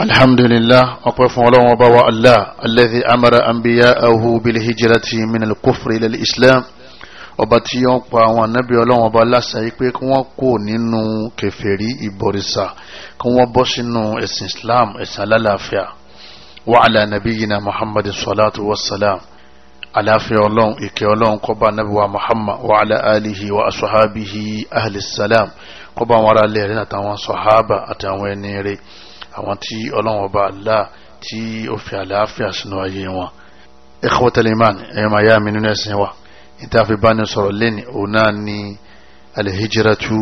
الحمد لله fún ọlọ́run ọba wa allah alladhi amara anbiya'ahu bil hijrati min al kufri ila al islam ọba tí ó ń pa àwọn ànábì ọlọ́run ọba láṣà yìí pé kí wọ́n kó nínú kèfèrí ìbọ̀rìṣà kí wọ́n bọ́ sínú ẹ̀sìn islam ẹ̀sìn alálàáfíà wa ala nabiyyina muhammad salatu wa salam aláfíà ọlọ́run ìkẹ́ ọlọ́run kó bá wa muhammad wa ala alihi wa asuhabihi ahli salam kó bá wọn ara àtàwọn sọ̀hábà àtàwọn ẹni rẹ̀ àwọn tí ọlọ́run ọba Allah tí ó fi àlàáfíà sínú ayé wọn ikhwatal iman ẹ̀yọ́ máa yá mi nínú ẹ̀sìn wa ìtàfi bá ní sọ̀rọ̀ lẹ́ni òun náà ni alhijiratu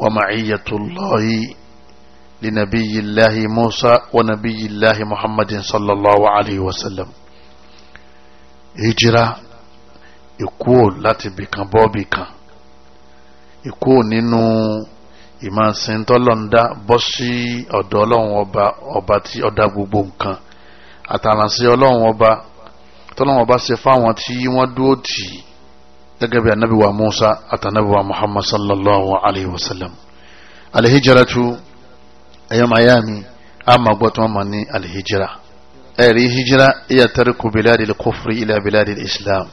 wa ma'iyyatullahi li nabiyillahi Musa wa nabiyillahi sallallahu alayhi wa sallam hijira ìkúò láti bìkan bọ́ bìkan ìkúò nínú ìmọ̀síntọ́lọ́ndá bọ́ sí ọ̀dọ̀ ọlọ́run ọba ọba tí ọ̀dá gbogbo nǹkan àtàlànsẹ́ ọlọ́run ọba tọ́lọ́run ọba ṣe fáwọn tí wọ́n dúró tì í gẹ́gẹ́ bí anabi wa Musa àtànabi Muhammad sallallahu alayhi wa sallam alihijaratu ẹ̀yọ́ mayami ama gbọ́ tí wọ́n mọ̀ ní alihijira ẹ̀rí hijira iya tariku biladi kufri ila biladi islam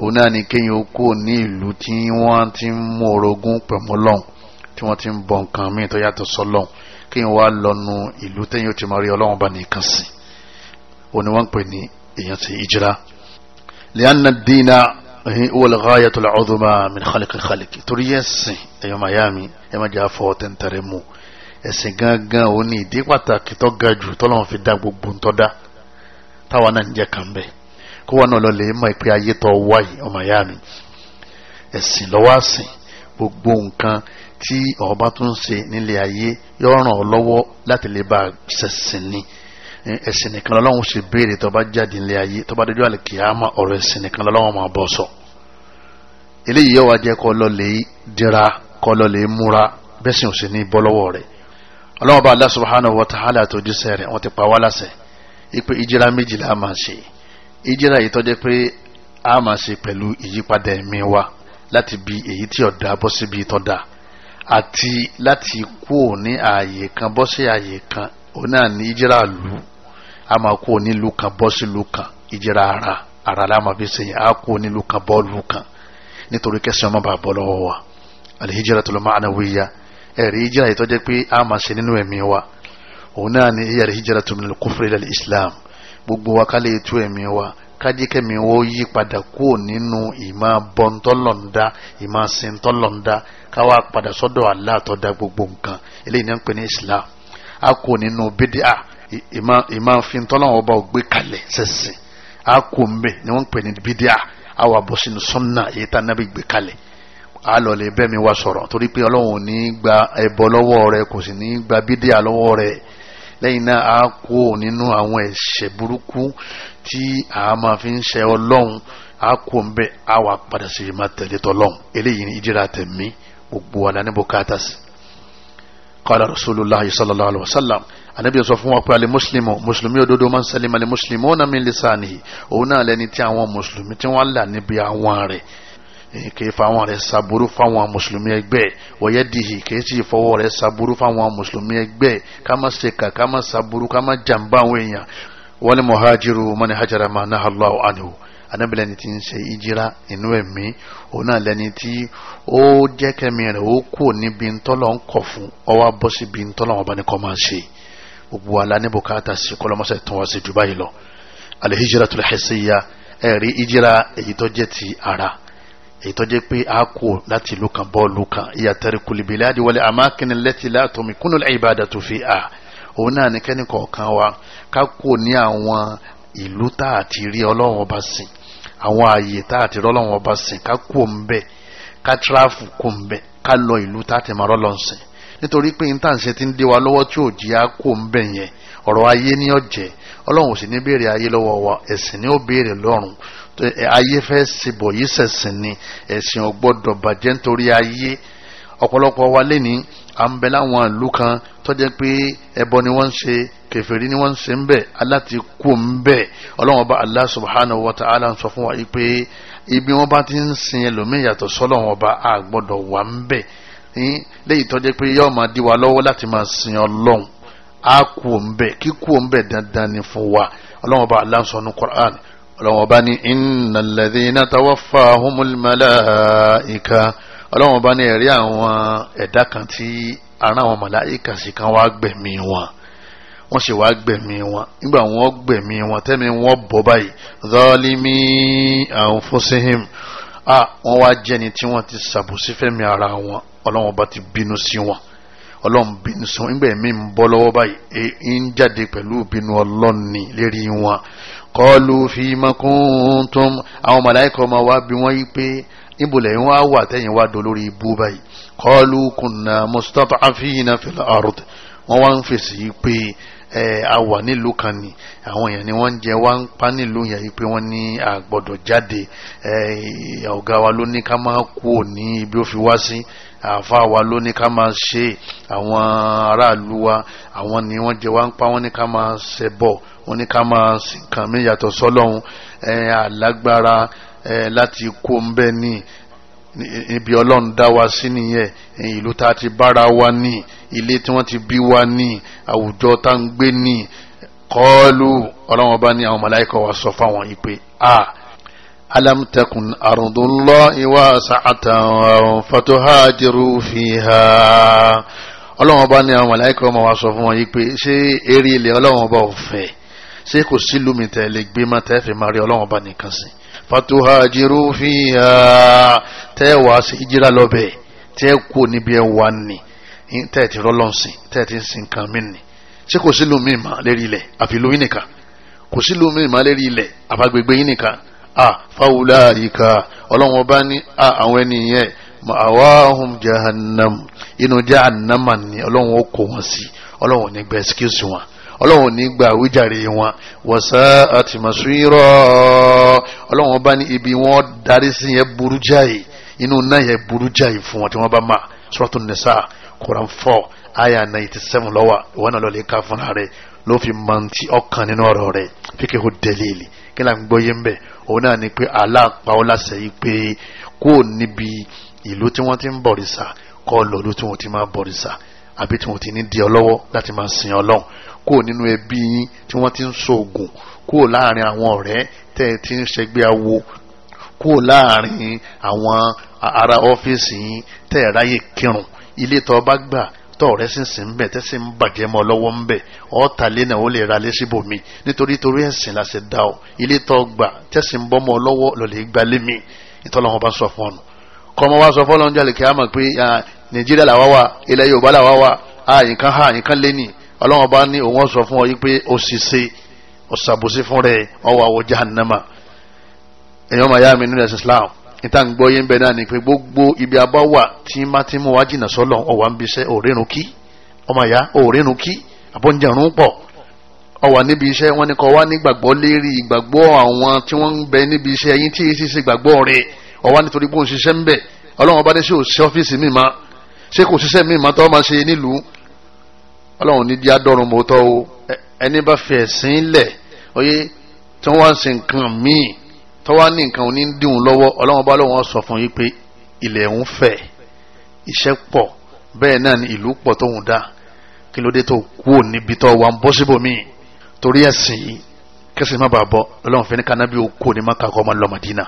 òun náà ni kéèyàn kó ní ìlú tí wọ́n ti ń mú orogún pẹ̀mọ́lọ́hùn tí wọ́n ti ń bọ nǹkan míì tó yàtọ̀ sọ́lọ́n kí n wá lọ́nu ìlú tẹ́yìn ó ti máa rí ọlọ́run bá nìkan sí òní wọ́n ń pè ní èèyàn ti ìjìrá lianna dina eh, wal ghayatu al uzma min khaliki khaliki torí ẹ̀sìn ẹ̀yọ́ miami ẹ̀ máa jẹ́ afọ tẹ́ntẹ́rẹ́ mu ẹ̀sìn gangan ò ní ìdí pàtàkì tó ga jù tọ́lọ́run fi dá gbogbo ń tọ́ dá táwa náà ń jẹ́ kàn bẹ́ẹ̀ kó wọn lọ lè mọ ìpè ayé tó wáyé ọmọ ìyá mi ẹ̀sìn lọ́wọ́ tí ọba tó ń ṣe nílé ayé yóò ràn ọ́ lọ́wọ́ láti lè bá ṣẹ̀sìn ni ẹ̀sìn nìkan lọ́wọ́ sì béèrè tó bá jáde nílé ayé tó bá dojú àlìkìyàmá ọ̀rọ̀ ẹ̀sìn nìkan lọ́wọ́ máa bọ̀ sọ. eléyìí yóò wá jẹ́ kọ́ dira kọ́ lọ lè múra bẹ́ẹ̀ sì ń ṣe ní bọ́ lọ́wọ́ rẹ̀ ọlọ́wọ́ bá Allah subhanahu wa ta'ala àtòjúṣe rẹ̀ wọ́n ti pa wá láṣẹ ipe ìjìra méjìlá a máa ṣe ìjìra yìí tọ́jú pé a máa ṣe pẹ̀lú ìyípadà ẹ̀mí wa láti bi èyí tí ọ̀dà bọ́ síbi tọ́da àti láti kú ní ààyè kan bọ́ sí ààyè kan òun náà ní ìjìrà lù á máa kú nílùú kan bọ́ sílùú kan ìjìrà ara ara la máa fi sèyìn á kú nílùú kan bọ́ lù kan nítorí kẹsàn án má bàa bọ́ lọ́wọ́ wa al-hijratul ma'nawiyya ẹ̀rí ìjìrà yìí tó jẹ́ pé á máa ṣe nínú ẹ̀mí wa òun náà ní ìyàrá al-hijratu min al islam gbogbo wa ká lè ẹ̀mí wa kájíkẹ́mi wo yí padà kúrò nínú ìmọ̀ bọ́ntọ́lọ̀ǹda ìmọ̀ sentọ́lọ̀ǹda káwá padà sọ́dọ̀ Allah tó dá gbogbo nǹkan eléyìí náà ń pè ní Islam a kò nínú bídíà ìmọ̀ fintọ́lọ̀wọ̀ ọba ògbé kalẹ̀ sẹ́sìn a kò ń ni wọ́n ń pè ní bídíà a wà bọ̀ sínú sọ́nà èyí tá nábì gbé kalẹ̀ a lọ lè bẹ́ẹ̀ mi wá sọ̀rọ̀ torí pé Ọlọ́run ò ní gba ẹbọ lọ́wọ́ rẹ kò sì ní gba bídíà lọ́wọ́ rẹ lẹ́yìn náà a kó nínú àwọn ẹ̀ṣẹ̀ burúkú tí a máa fi ń ṣe ọlọ́run a kó ń bẹ́ a wà padà sí ìmọ̀ tẹ̀lé tọ́lọ́run eléyìí ni ìjìrà tẹ̀mí gbogbo wa lánàá bùkátà sí. qala rasulullah sallallahu alayhi wa sallam anabi sọ fún wa pé alẹ́ mùsùlùmù mùsùlùmí òdodo máa ń sẹ́lẹ̀ mọ́lẹ̀ mùsùlùmí ọ̀nà min lisanihi òun náà lẹ́ni tí àwọn mùsùlùmí tí wọ́n là níbi àwọn rẹ̀ Eh, kì í fáwọn rẹ̀ sàbúrú fáwọn mùsùlùmí ẹgbẹ́ wọ̀yẹ́ dìhì kì í sì fọwọ́ rẹ̀ sàbúrú fáwọn mùsùlùmí ẹgbẹ́ ká má ṣèkà ká má sàbúrú ká má jàǹbá àwọn èèyàn wal muhajiru man hajara ma naha Allahu anhu anábìlẹ̀ ni ti ń ṣe ìjìra inú ẹ̀mí òun náà lẹni tí ó jẹ́ kẹ́mi rẹ̀ ó kù níbi ntọ́lọ̀ ń kọ̀ fún ọwọ́ bọ́ síbi ntọ́lọ̀ wọn bá ní kọ́ máa ṣe gbogbo àlá ní bùkátà sí kọ́lọ́mọṣẹ́ tán wá sí jù báyìí lọ al-hijratul hissiya ẹ̀rí ìjìra èyí tó jẹ́ ti ara èyí tó jẹ́ pé a kò láti ìlú kan bọ́ọ̀lù kan ìyàtọ̀rẹ̀ kùlìbìlà àdìwọlẹ̀ àmákìnrin lẹ́tì látọ̀mí kúnnù ìbàdàn tó fi à òun náà ní kẹ́ni kọ̀ọ̀kan wa ká kò ní àwọn ìlú tá a ti rí ọlọ́run ọba sìn àwọn ààyè tá a ti rí ọlọ́run ọba sìn ká kò ń bẹ̀ ká tíráfù kò ń bẹ̀ ká lọ ìlú tá a ti máa rọ́lọ́ sìn nítorí pé n tàn ṣe ti ń dé wa lọ́wọ́ tí ò jí kò ń bẹ̀ yẹn ọ̀rọ̀ ayé ní ọ̀jẹ̀ ọlọ́run ò sì ní béèrè ayé lọ́wọ́ wa ẹ̀sìn ní ó béèrè lọ́rùn ayé fẹ́ ṣebọ̀ yìí ṣẹ̀sìn ni ẹ̀sìn ò gbọ́dọ̀ bàjẹ́ nítorí ayé ọ̀pọ̀lọpọ̀ wa lẹ́ni à ń bẹ láwọn ìlú kan tó jẹ́ pé ẹbọ ni wọ́n ń ṣe kèfèrí ni wọ́n ń ṣe ń bẹ̀ aláti kú ń bẹ̀ ọlọ́wọ́n bá Allah subhanahu wa ta'ala ń sọ fún wa pé ibi wọ́n bá ti ń sin ẹlòmíì yàtọ̀ sọ́lọ́wọ́n bá a gbọ́dọ̀ wà ń bẹ̀ ní léyìí tó pé yóò máa di wa lọ́wọ́ láti máa sin ọlọ́run a kú ń bẹ̀ kíkú ń bẹ̀ dandan ni fún wa ọlọ́wọ́n bá Allah sọ ọlọ́wọ́n bá ní innal ladhina tawaffahumul malaika ọlọ́wọ́n bá ní ẹ̀rí àwọn ẹ̀dá kan tí ara àwọn màláìka sì kan wá gbẹ̀mí wọn wọ́n sì wá gbẹ̀mí wọn nígbà wọ́n gbẹ̀mí wọn tẹ́mi wọ́n bọ̀ báyìí zalimi anfusihim a ah, wọ́n wá jẹ́ni tí wọ́n ti ṣàbòsí fẹ́mi ara wọn ọlọ́wọ́n bá ti bínú sí wọn ọlọ́run bínú sọ nígbà mi ń bọ́ lọ́wọ́ báyìí e, ń jáde pẹ̀lú bínú ọlọ́ni lérí wọn kọlu fi makuntum àwọn màláìkọ ma wá bí wọ́n yí pé níbùlẹ̀ wọn á wà tẹ́yìn wá dolórí ibú báyìí kọlu kunna mustata'afina fil ard wọ́n wá ń fèsì yí pé a wà nílùú kan ni àwọn èèyàn ni wọ́n ń jẹ wá ń pa nílùú yẹn pé wọ́n ní àgbọ̀dọ̀ jáde ọ̀gá wa ló ní ká máa kú òní ibi ó fi wá sí àfa wa ló ní ká máa ṣe àwọn aráàlú wa àwọn ni wọ́n jẹ wá ń pa wọ́n ní ká máa ṣẹbọ wọ́n ní ká máa sìnkàn mí yàtọ̀ sọ́lọ́hún alágbára láti kó ń bẹ́ẹ̀ ní ibi ọlọ́run dá wa sí nìyẹn ìlú tá a ti bára wa ní ilé tí wọ́n ti bí wa ní àwùjọ tá ń gbé ní kọ́ọ́lù ọlọ́run ọba ní àwọn màláíkà wa sọ fáwọn yìí pé a alam takun ardullahi wasi'atan fatuhajiru fiha ọlọ́run ọba ní àwọn màláíkà ọmọ wa sọ fún wọn yìí pé ṣé eré ilẹ̀ ọlọ́run ọba ò fẹ̀ ṣé kò sílùmí tẹ̀ lè gbé má tẹ́ rí ọlọ́run ọba nìkan sìn fatuhajiru fiha tẹ́ wàá sí ìjírà lọ́bẹ̀ tẹ́ kú níbi ẹ̀ wà ní tẹ́ ti rọ́lọ́sìn tẹ́ ti ń sin kan mí ni ṣé kò sílùú mi mà lérí ilẹ̀ àfi ìlú yín nìkan kò sílùú mi mà lérí ilẹ̀ àbágbègbè yín nìkan a fáwùlà àríkà ọlọ́run ọba ní àwọn ẹni yẹn màáwáhùn jahannam inú jahannam ni ọlọ́run ó kó sí ọlọ́run ò ní gba excuse wọn ọlọ́run ní gba àwíjàre wọn wọ̀sá àti màṣúírọ̀ ọlọ́run bá ní ibi wọn darí sí yẹn burú jáì inú náà yẹn burú jáì fún wọn tí wọ́n bá mà Suratun Nisa Quran four aya ninety seven lọ́wọ́ ìwọ náà lọ́ọ́ lè ka fúnra rẹ̀ ló fi mọ̀ntì ọkàn nínú ọ̀rọ̀ rẹ̀ fíkẹ́ kó dẹ́lẹ́lì kí là ń gbọ́ yé ń bẹ̀ òun náà ni pé aláàpá ó láṣẹ yìí pé kó níbi ìlú tí wọ́n ti ń bọ̀rìṣà kọ́ lọ́ọ́lù tí wọ́n ti máa bọ̀rìṣà àbí tí wọ́n ti ní di ọ lọ́wọ́ láti máa sin ọlọ́run kúrò nínú ẹbí yín tí wọ́n ti ń ṣoògùn kúrò láàrin àwọn ọ̀rẹ́ tẹ́ ẹ ti ń ṣẹgbẹ́ awo kúrò láàrin àwọn ará ọ́fíìsì yín tẹ́ ẹ ráyè kírun ilé tó bá gbà tọ́ rẹ sì ń sìn bẹ̀ tẹ́sí ń bàjẹ́ mọ́ lọ́wọ́ ń bẹ̀ ọ̀ọ́ta lé náà ó lè ra lé síbòmí nítorí torí ẹ̀sìn la ṣe dá ọ ilé tó gbà tẹ́sí ń bọ́ mọ́ lọ́wọ́ lọ́lẹ́ gbalé mi ìtọ́lọ́wọ́n bá sọ fún ọ kọ́mọ wa sọ fọlọ́n jàlè kí a mọ̀ pé nàìjíríà làwa wà ilẹ̀ yorùbá làwa wà a nǹkan ha nǹkan lẹ́nì ọlọ́wọ́n bá ní òun sọ fún ọ yí pé ó sì ṣe ọ̀sàbòsí fún rẹ̀ ọwọ́ àwọ̀ jahannama èèyàn máa yá mi nínú ẹ̀sìn islam níta ń gbọ́ yín bẹ́ẹ̀ náà ni pé gbogbo ibi abá wà tí má ti mú wá jìnnà sọ́lọ̀ ọ̀wà ń bíṣẹ́ òórínú kí ọmọ ìyá òórínú kí àbọ̀njẹ̀rún pọ̀ ọwà níbi iṣẹ́ wọn ni kọ́ wá nígbàgbọ́ lérí ìgbàgbọ́ àwọn tí wọ́n ń bẹ níbi iṣẹ́ yín tí èsì ṣe gbàgbọ́ rẹ̀ ọwọ́ nítorí pé òun ṣiṣẹ́ ń bẹ̀ ọlọ́run ọba dé sí òṣìṣẹ́ ọ́fíìsì mi ma ṣé kò ṣiṣẹ́ mi ma tọ́ ma ṣe nílùú ọlọ́run ní díá dọ́run mọ́ tọ́ o ẹni bá fẹ́ ẹ̀sìn lẹ̀ oyé tí wọ́n wá ń ṣe nǹkan míì tọ́ wá ní nǹkan òní ń dìhun lọ́wọ́ ọlọ́run ọba lọ́wọ́ sọ fún yín pé ilẹ̀ ń fẹ̀ iṣẹ́ pọ̀ bẹ́ẹ̀ náà ni ìlú pọ̀ tóun dá kí ló dé tó kúò níbi tó wà ń bọ́ síbòmíì torí ẹ̀sìn kẹsì má bàa bọ́ ọlọ́run fẹ́ ní kanábí ó kò ní má kakọ́ ọmọ lọ́mọdínà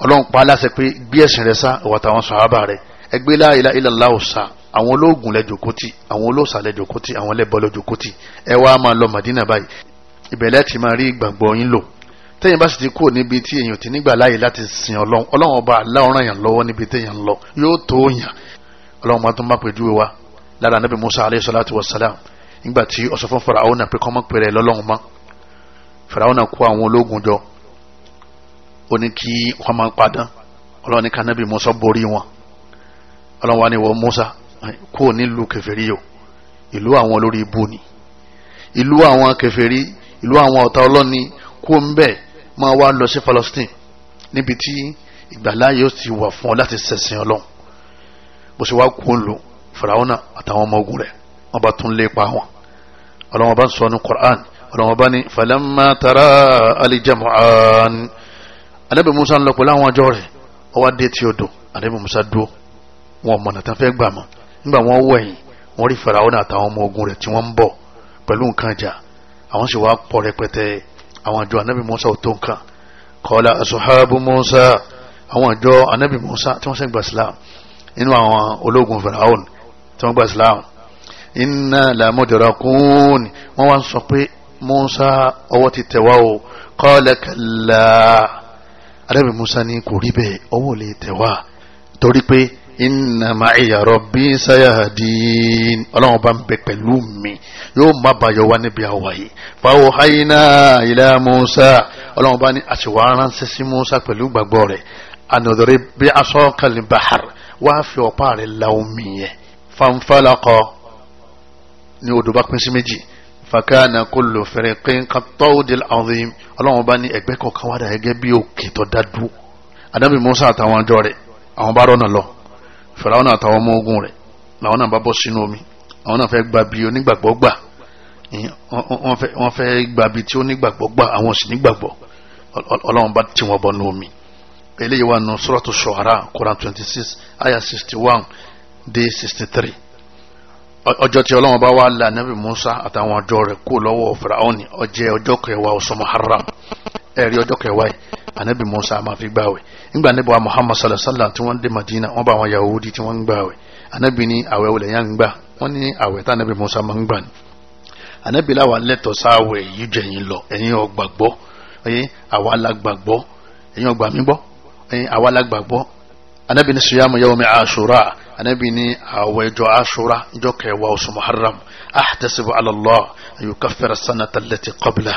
ọlọ́run pa aláṣẹ pé gbé ẹ̀sìn rẹ sá ìwà táwọn sàhábà rẹ ẹgbẹ́ la ilaha illallah sá àwọn olóògùn lẹ́jọ̀kọ́tì àwọn olóòsà lẹ́jọ̀kọ́tì àwọn ẹlẹ́bọ lẹ́jọ̀kọ́tì ẹ wá máa lọ Màdínà báyìí ìbẹ̀lẹ̀ ti máa rí ìgbàgbọ́ yín lò tẹ́yìn bá sì ti kúrò níbi tí èèyàn ti nígbà láàyè láti sin ọlọ́run ọlọ́run ọba aláwòrán yàn lọ́wọ́ níbi téèyàn lọ yóò tó yàn ọlọ́run máa tún má pèjúwe wa lára anábì Musa alayhi salatu wa salam nígbà tí ó sọ fún Fáráò náà pé kọ́ mọ́ pèrè lọ́lọ́run mọ́ Fáráò kó àwọn ológun jọ ó ní kí wọ́n máa padán ọlọ́run ní kánábì Musa borí wọn ọlọ́run wa ni wọ́n Musa kó nílùú kèfèrí o ìlú àwọn olórí ibú ni ìlú àwọn kèfèrí ìlú àwọn ọ̀tá ọlọ́ni kó ń bẹ̀ máa wá lọ sí Palestine níbi tí ìgbàláyé ó ti wà fún ọ láti ṣẹ̀sìn ọlọ́run bó ṣe wá kó ń lò Fìràwọ́nà àtàwọn ọmọ ogun rẹ̀ wọ́n bá tún lé e pa wọn ọlọ́run bá ń sọ ní Qur'an ọlọ́run bá ní falamma tara alijamu'an anabi musa ń lọ pẹ̀lú àwọn ọjọ́ rẹ̀ ó wá dé tí odò anabi musa dúró wọn mọ̀nà tán fẹ́ gbà mọ́ nígbà wọn wọ̀ ẹ̀yìn wọn rí Fáráò àtàwọn ọmọ ogun rẹ̀ tí wọ́n ń bọ̀ pẹ̀lú nǹkan ìjà àwọn sì wá pọ̀ rẹpẹtẹ àwọn àjọ anabi musa ò tó nǹkan kọ́lá asuhabu musa àwọn àjọ anabi musa tí wọ́n sẹ́ gba islam nínú àwọn ológun Fáráò tí wọ́n gba islam inna lamudrakun wọ́n wá sọ pé musa ọwọ́ ti tẹ̀ o kọ́lá kàlá ànábì Musa ní kò rí bẹ́ẹ̀ ọwọ́ lè tẹ̀ wá torí pé inna ma'iya rabbi sayahadin ọlọ́run bá ń bẹ pẹ̀lú mi yóò má bayọ̀ wá níbi àwàyè fáwọn hayina ila musa ọlọ́run bá ní àṣewà ránṣẹ́ sí musa pẹ̀lú gbàgbọ́ rẹ̀ anadore bí aṣọ kalin bahar wá fi ọ̀pá rẹ̀ la omi yẹn fanfalakọ ni odò bá pín sí méjì fakana kullu firiqin katawudil azim ọlọ́run bá ní ẹgbẹ́ kọ̀ọ̀kan wá dà gẹ́gẹ́ bí òkè tó dádú anabi musa àtàwọn àjọ rẹ̀ àwọn bá rọ́nà lọ fìràwọn àtàwọn ọmọ ogun rẹ̀ làwọn náà bá bọ́ sínú omi àwọn náà fẹ́ gba bí onígbàgbọ́ gbà wọ́n fẹ́ gba bí tí onígbàgbọ́ gbà àwọn sì nígbàgbọ́ ọlọ́run bá tì wọ́n bọ́ nú omi eléyìí wà nù suratu shu'ara quran twenty six ayah sixty one dé sixty three ọjọ́ tí ọlọ́run bá wà là nàbì musa àtàwọn àjọ rẹ̀ kó lọ́wọ́ firaoni ọjẹ́ ọjọ́ kẹwàá oṣù muharram ẹ̀rí ọjọ́ kẹwàá yìí ànábì musa máa fi gbààwẹ̀ nígbà níbi wa muhammad sallallahu alayhi wa sallam tí wọ́n dé madina wọ́n bá àwọn yahudi tí wọ́n ń gbààwẹ̀ ànábì ní àwẹ̀ wọlé yẹn ń gbà wọ́n ní àwẹ̀ tá ànábì musa máa ń gbà ní. ànábì láwa lẹ́tọ̀ sáwẹ̀ yìí jẹ́ yín lọ ẹ̀yin ọgbàgbọ́ ẹ̀yin àwa la gbàgbọ́ anabi ni siyamu yawmi ashura anabi ni àwẹ̀ ọjọ́ ashura ọjọ́ kẹwàá oṣù muharram ahtasibu ala Allah ayukaffira sanata allati qabla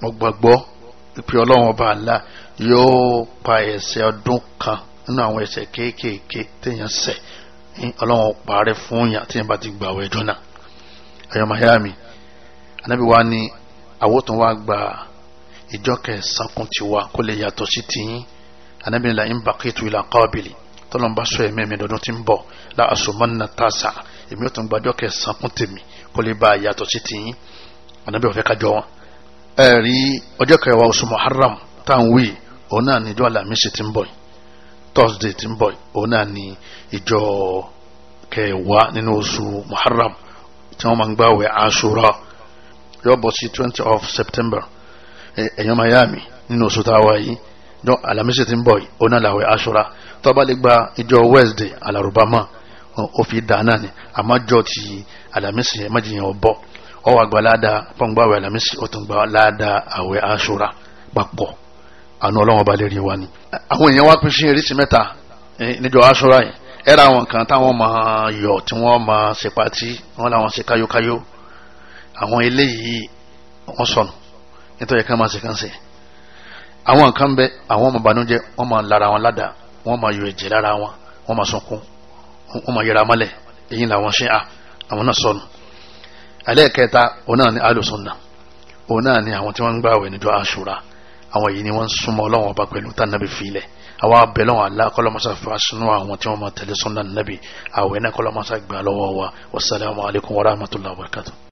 mo gbàgbọ́ ìpè ọlọ́run ọba àlá yóò pa ẹ̀ṣẹ̀ ọdún kan nínú àwọn ẹ̀ṣẹ̀ kéékèèké téèyàn ṣẹ̀ ọlọ́run parẹ́ fún yàn téèyàn bá ti gbà àwẹ̀ ọjọ́ náà ayọ̀ mayami anabi wa ni àwọn tó wá gba ìjọ kẹsàn tiwa kó lè yàtọ̀ sí tiyín anabi ni la ń bàkẹ́tù ìlà kọ́ọ̀bìlì tọ́lọ́n bá sọ ẹ̀mí mi lọ́dún tí ń bọ̀ la àsomọ́nà tàṣà èmi ò tún gbàjọ́ kẹsàn-án kún tèmi kó lè bá yàtọ̀ sí tìyín ànábì ọ̀fẹ́ kájọ wọn. ẹ rí ọjọ́ kẹwàá oṣù muharram táwọn wí òun náà ní ìjọ alamisi tí ń bọ̀ thursday tí ń bọ̀ òun náà ní ìjọ kẹwàá nínú oṣù muharram tí wọ́n máa ń gbààwẹ̀ àṣúrà yóò bọ̀ sí twenty of september ẹ̀yọ́ miami nínú oṣù táwa yìí alamisi tí ń bọ̀ òun náà làwẹ̀ àṣúrà tọ́ba lè gba ìjọ wednesday alárùbámà ó fi dà náà ni àmọ́ jọ ti alamisi yẹn má jìyàn bọ́ ọ wà gba ládàá pọ́ngbàwẹ̀ alamisi ó tún gba ládàá àwẹ̀ aṣọra papọ̀ àna ọlọ́wọ́n ba lè rí wa ni. àwọn èèyàn wá pín sí eréṣin mẹ́ta níjọ aṣọra yìí ẹ̀rọ àwọn kan táwọn máa yọ̀ tí wọ́n máa ṣe pati wọ́n làwọn ṣe káyókáyó àwọn eléyìí wọ́n sọnù nítorí kan máa ṣe kan ṣe àwọn kan bẹ àwọn ọmọ ìbànújẹ́ wọ́n máa lára wọn ládàá wọ́n máa yọ ẹ̀jẹ̀ lára wọn wọ́n máa sunkún wọ́n máa yẹra mọ́lẹ̀ èyí làwọn ṣe à àwọn náà sọnù ẹlẹ́ẹ̀kẹta òun náà ni alùsùnà òun náà ni àwọn tí wọ́n ń gbààwẹ̀ níjọ́ àṣùrà àwọn yìí ni wọ́n ń súnmọ́ ọlọ́wọ́n ọba pẹ̀lú tànàbí filẹ̀ àwọn abẹ lọ́wọ́n alákọ́lọ́mọsá fàṣínú àwọn tí wọ́n máa tẹ̀lé súnà nàbì àwẹ̀ náà kọ́lọ́mọsá gbà lọ́wọ́ wa wasalaamu alaykum wa rahmatulahi